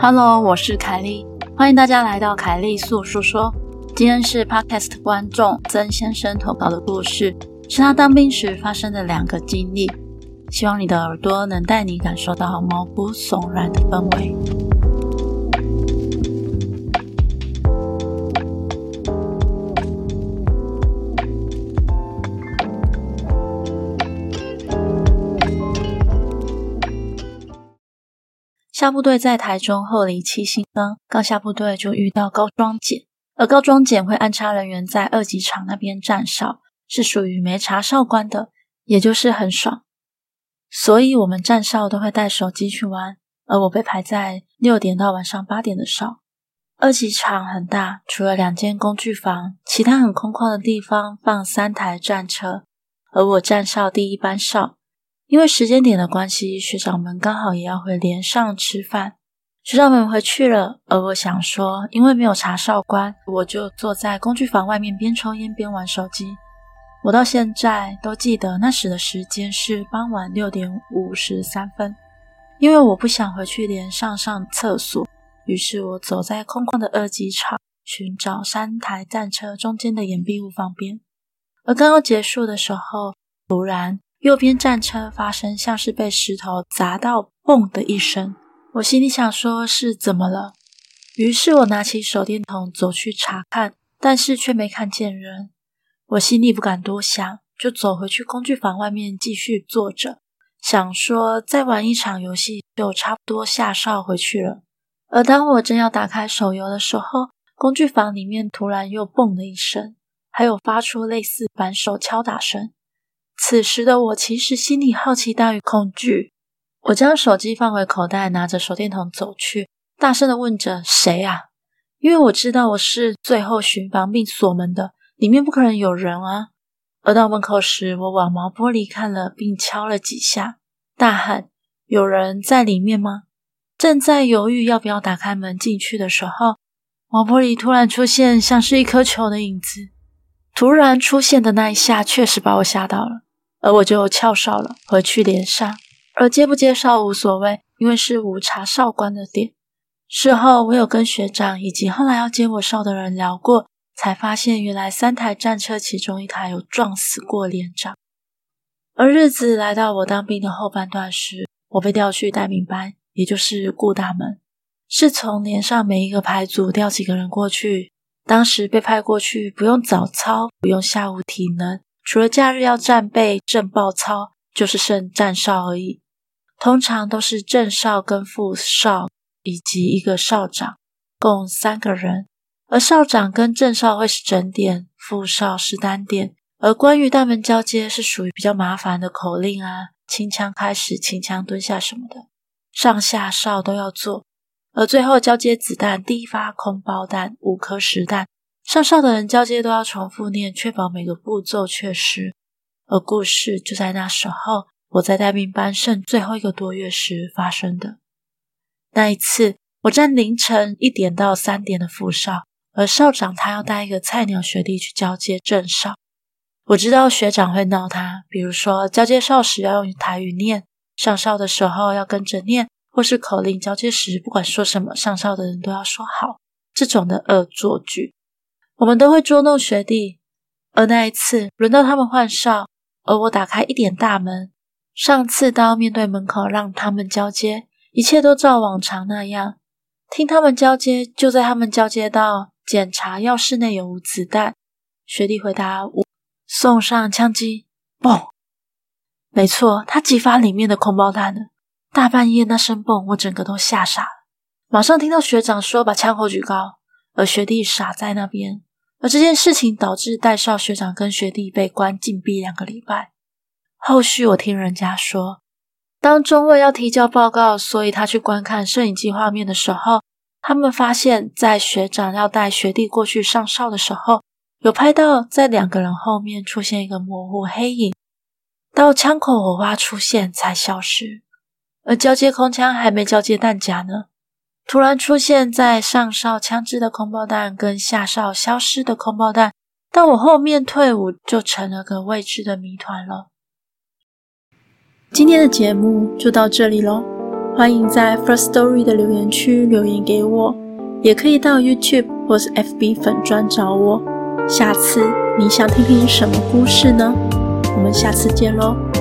Hello，我是凱莉，歡迎大家來到凱莉粟說說。今天是 Podcast 觀眾曾先生投稿的故事，是他當兵時發生的兩個經歷。希望你的耳朵能帶你感受到毛骨悚然的氛圍。下部隊在台中后里七星崗，剛下部隊就遇到高裝檢，而高裝檢會安插人員在二級廠那邊站哨，是屬於沒查哨官的，也就是很爽。所以，我們站哨都會帶手機去玩。而我被排在六點到晚上八點的哨。二級廠很大，除了兩間工具房，其他很空曠的地方放三台戰車，而我站哨第一班哨。因為時間點的關係，學長們剛好也要回連上吃飯，學長們回去了。而我想說，因為沒有查哨官，我就坐在工具房外面邊抽菸邊玩手機。我到現在都記得那時的時間是傍晚六點五十三分，因為我不想回去連上上廁所，於是我走在空曠的二級場，尋找三台戰車中間的掩蔽物旁邊。而剛剛結束的時候，突然。右邊戰車發聲，像是被石頭砸到，嘣的一聲。我心裡想說，是怎麼了？於是，我拿起手電筒走去查看，但是卻沒看見人。我心裡不敢多想，就走回去工具房外面繼續坐着，想說再玩一場遊戲就差不多下哨回去了。而當我正要打開手遊的時候，工具房裡面突然又嘣的一聲，還有發出類似反手敲打聲。此時的我其實心裡好奇大於恐懼，我將手機放回口袋，拿着手電筒走去，大聲地問着：“誰啊？”因為我知道我是最後巡防並鎖門的，裡面不可能有人啊。而到門口時，我往毛玻璃看了，並敲了幾下，大喊：“有人在裡面嗎？”正在猶豫要不要打開門進去的時候，毛玻璃突然出現，像是一顆球的影子。突然出現的那一下，確實把我嚇到了，而我就翹哨了，回去連上。而接不接哨無所謂，因為是無查哨官的點。事後我有跟學長以及後來要接我哨的人聊過，才發現原來三台戰車其中一台有撞死過連長。而日子來到我當兵的後半段時，我被調去待命班，也就是顧大門，是從連上每一個排組調幾個人過去。當時被派過去，不用早操，不用下午體能，除了假日要戰備、正報操，就是剩站哨而已。通常都是正哨跟副哨以及一個哨長，共三個人。而哨長跟正哨會是整點，副哨是單點。而關於大門交接是屬於比較麻煩的口令啊，清槍開始、清槍蹲下什麼的，上下哨都要做。而最後交接子彈，第一發空包彈，五顆實彈。上哨的人交接都要重複念，確保每個步驟確實。而故事就在那時候，我在待命班剩最後一個多月時發生的。那一次，我在凌晨一點到三點的副哨，而學長他要帶一個菜鳥學弟去交接正哨。我知道學長會鬧他，比如說交接哨時要用台語念，上哨的時候要跟着念。或是口令交接時，不管說什麼，上哨的人都要說好。這種的惡作劇，我們都會捉弄學弟。而那一次，輪到他們換哨，而我打開一點大門，上刺刀面對門口，讓他們交接。一切都照往常那樣，聽他們交接。就在他們交接到檢查藥室內有無子彈，學弟回答無，送上槍機，嘣！沒錯，他擊發裡面的空包彈了。大半夜那聲蹦，我整個都嚇傻了。馬上聽到學長說，把槍口舉高，而學弟傻在那邊。而這件事情導致代哨學長跟學弟被關禁閉兩個禮拜。後續我聽人家說，當中尉要提交報告，所以他去觀看攝影機畫面的時候，他們發現，在學長要帶學弟過去上哨的時候，有拍到在兩個人後面出現一個模糊黑影，到槍口火花出現才消失。而交接空槍還沒交接彈匣呢，突然出現在上哨槍支的空包彈跟下哨消失的空包彈，到我後面退伍就成了個未知的謎團了。今天的節目就到這裡嘍，歡迎在 First Story 的留言區留言給我，也可以到 YouTube 或是 FB 粉專找我。下次你想聽聽什麼故事呢？我們下次見嘍。